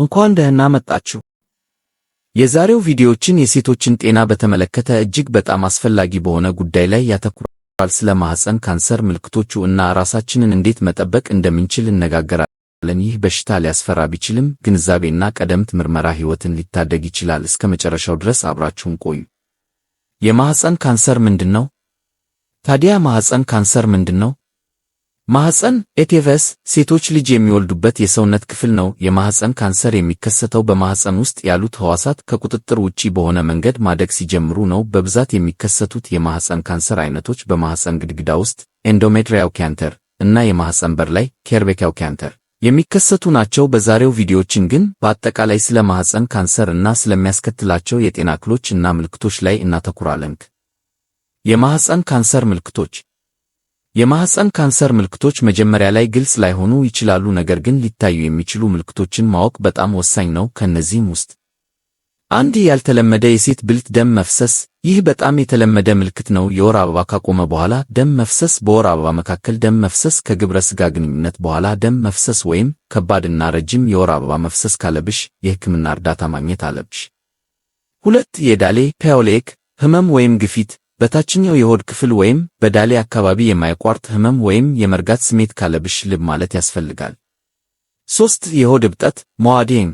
እንኳን ደህና መጣችሁ። የዛሬው ቪዲዮችን የሴቶችን ጤና በተመለከተ እጅግ በጣም አስፈላጊ በሆነ ጉዳይ ላይ ያተኩራል። ስለ ማህፀን ካንሰር ምልክቶቹ እና ራሳችንን እንዴት መጠበቅ እንደምንችል እነጋገራለን። ይህ በሽታ ሊያስፈራ ቢችልም ግንዛቤና ቀደምት ምርመራ ህይወትን ሊታደግ ይችላል። እስከ መጨረሻው ድረስ አብራችሁን ቆዩ። የማህፀን ካንሰር ምንድን ነው? ታዲያ ማህፀን ካንሰር ምንድን ነው? ማህፀን ኤቲቨስ ሴቶች ልጅ የሚወልዱበት የሰውነት ክፍል ነው። የማህፀን ካንሰር የሚከሰተው በማህፀን ውስጥ ያሉት ህዋሳት ከቁጥጥር ውጪ በሆነ መንገድ ማደግ ሲጀምሩ ነው። በብዛት የሚከሰቱት የማህፀን ካንሰር አይነቶች በማህፀን ግድግዳ ውስጥ ኤንዶሜትሪያው ካንተር እና የማህፀን በር ላይ ኬርቤካው ካንተር የሚከሰቱ ናቸው። በዛሬው ቪዲዮችን ግን በአጠቃላይ ስለ ማህፀን ካንሰር እና ስለሚያስከትላቸው የጤና እክሎች እና ምልክቶች ላይ እናተኩራለን። የማህፀን ካንሰር ምልክቶች የማህፀን ካንሰር ምልክቶች መጀመሪያ ላይ ግልጽ ላይሆኑ ይችላሉ፣ ነገር ግን ሊታዩ የሚችሉ ምልክቶችን ማወቅ በጣም ወሳኝ ነው። ከእነዚህም ውስጥ አንድ ያልተለመደ የሴት ብልት ደም መፍሰስ። ይህ በጣም የተለመደ ምልክት ነው። የወር አበባ ካቆመ በኋላ ደም መፍሰስ፣ በወር አበባ መካከል ደም መፍሰስ፣ ከግብረ ሥጋ ግንኙነት በኋላ ደም መፍሰስ ወይም ከባድና ረጅም የወር አበባ መፍሰስ ካለብሽ የሕክምና እርዳታ ማግኘት አለብሽ። ሁለት የዳሌ ፔዮሌክ ህመም ወይም ግፊት በታችኛው የሆድ ክፍል ወይም በዳሌ አካባቢ የማይቋርጥ ህመም ወይም የመርጋት ስሜት ካለብሽ ልብ ማለት ያስፈልጋል። ሶስት የሆድ እብጠት መዋዴን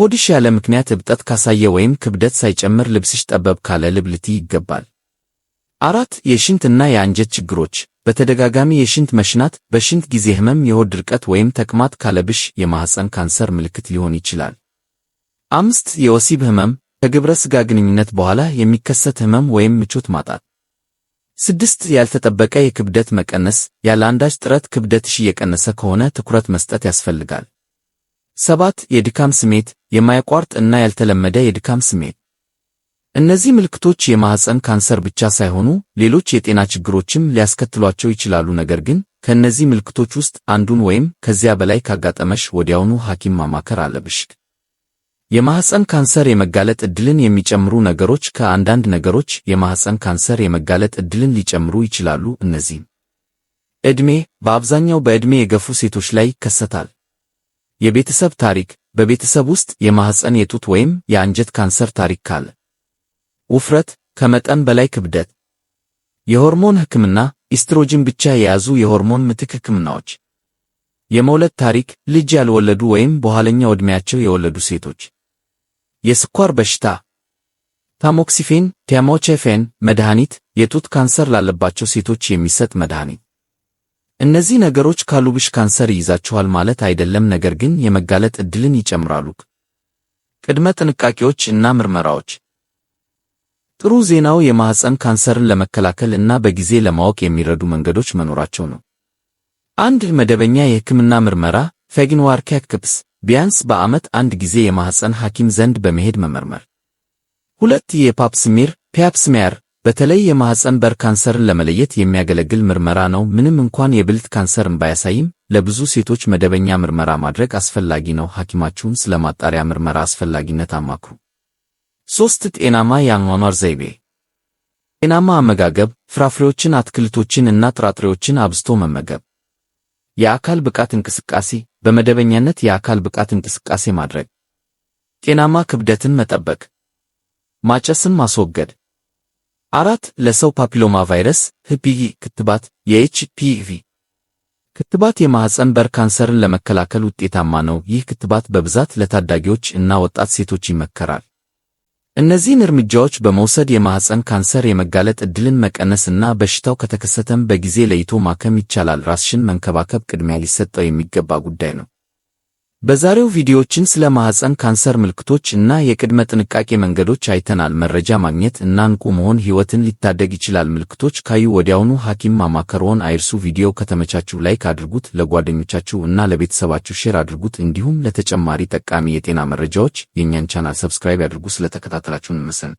ሆድሽ ያለ ምክንያት እብጠት ካሳየ ወይም ክብደት ሳይጨምር ልብስሽ ጠበብ ካለ ልብ ልትይ ይገባል። አራት የሽንትና የአንጀት ችግሮች በተደጋጋሚ የሽንት መሽናት፣ በሽንት ጊዜ ህመም፣ የሆድ ድርቀት ወይም ተቅማጥ ካለብሽ የማህፀን ካንሰር ምልክት ሊሆን ይችላል። አምስት የወሲብ ህመም ከግብረ ሥጋ ግንኙነት በኋላ የሚከሰት ህመም ወይም ምቾት ማጣት። ስድስት ያልተጠበቀ የክብደት መቀነስ፣ ያለ አንዳች ጥረት ክብደትሽ እየቀነሰ ከሆነ ትኩረት መስጠት ያስፈልጋል። ሰባት የድካም ስሜት፣ የማያቋርጥ እና ያልተለመደ የድካም ስሜት። እነዚህ ምልክቶች የማህፀን ካንሰር ብቻ ሳይሆኑ ሌሎች የጤና ችግሮችም ሊያስከትሏቸው ይችላሉ። ነገር ግን ከእነዚህ ምልክቶች ውስጥ አንዱን ወይም ከዚያ በላይ ካጋጠመሽ ወዲያውኑ ሐኪም ማማከር አለብሽ። የማህፀን ካንሰር የመጋለጥ እድልን የሚጨምሩ ነገሮች ከአንዳንድ ነገሮች የማህፀን ካንሰር የመጋለጥ እድልን ሊጨምሩ ይችላሉ። እነዚህም ዕድሜ፣ በአብዛኛው በዕድሜ የገፉ ሴቶች ላይ ይከሰታል። የቤተሰብ ታሪክ፣ በቤተሰብ ውስጥ የማህፀን የጡት ወይም የአንጀት ካንሰር ታሪክ ካለ፣ ውፍረት፣ ከመጠን በላይ ክብደት፣ የሆርሞን ህክምና ኢስትሮጅን ብቻ የያዙ የሆርሞን ምትክ ህክምናዎች የመውለድ ታሪክ፣ ልጅ ያልወለዱ ወይም በኋለኛው ዕድሜያቸው የወለዱ ሴቶች የስኳር በሽታ ታሞክሲፌን ቲያሞቼፌን መድኃኒት፣ የጡት ካንሰር ላለባቸው ሴቶች የሚሰጥ መድኃኒት። እነዚህ ነገሮች ካሉብሽ ካንሰር ይይዛችኋል ማለት አይደለም፣ ነገር ግን የመጋለጥ ዕድልን ይጨምራሉ። ቅድመ ጥንቃቄዎች እና ምርመራዎች። ጥሩ ዜናው የማህፀን ካንሰርን ለመከላከል እና በጊዜ ለማወቅ የሚረዱ መንገዶች መኖራቸው ነው። አንድ መደበኛ የሕክምና ምርመራ ፌግንዋር ኬክፕስ ቢያንስ በዓመት አንድ ጊዜ የማህፀን ሐኪም ዘንድ በመሄድ መመርመር። ሁለት የፓፕ ስሚር ፒያፕ ስሚያር በተለይ የማህፀን በር ካንሰርን ለመለየት የሚያገለግል ምርመራ ነው። ምንም እንኳን የብልት ካንሰርን ባያሳይም ለብዙ ሴቶች መደበኛ ምርመራ ማድረግ አስፈላጊ ነው። ሐኪማችሁን ስለ ማጣሪያ ምርመራ አስፈላጊነት አማክሩ። ሶስት ጤናማ የአኗኗር ዘይቤ ጤናማ አመጋገብ፣ ፍራፍሬዎችን፣ አትክልቶችን እና ጥራጥሬዎችን አብዝቶ መመገብ፣ የአካል ብቃት እንቅስቃሴ በመደበኛነት የአካል ብቃት እንቅስቃሴ ማድረግ፣ ጤናማ ክብደትን መጠበቅ፣ ማጨስን ማስወገድ። አራት ለሰው ፓፒሎማ ቫይረስ ኤችፒቪ ክትባት የኤችፒቪ ክትባት የማህፀን በር ካንሰርን ለመከላከል ውጤታማ ነው። ይህ ክትባት በብዛት ለታዳጊዎች እና ወጣት ሴቶች ይመከራል። እነዚህን እርምጃዎች በመውሰድ የማህፀን ካንሰር የመጋለጥ ዕድልን መቀነስ እና በሽታው ከተከሰተም በጊዜ ለይቶ ማከም ይቻላል። ራስሽን መንከባከብ ቅድሚያ ሊሰጠው የሚገባ ጉዳይ ነው። በዛሬው ቪዲዮችን ስለ ማህፀን ካንሰር ምልክቶች እና የቅድመ ጥንቃቄ መንገዶች አይተናል። መረጃ ማግኘት እና ንቁ መሆን ህይወትን ሊታደግ ይችላል። ምልክቶች ካዩ ወዲያውኑ ሐኪም ማማከርዎን አይርሱ። ቪዲዮ ከተመቻችሁ ላይክ አድርጉት፣ ለጓደኞቻችሁ እና ለቤተሰባችሁ ሼር አድርጉት። እንዲሁም ለተጨማሪ ጠቃሚ የጤና መረጃዎች የእኛን ቻናል ሰብስክራይብ ያድርጉ። ስለተከታተላችሁን መስን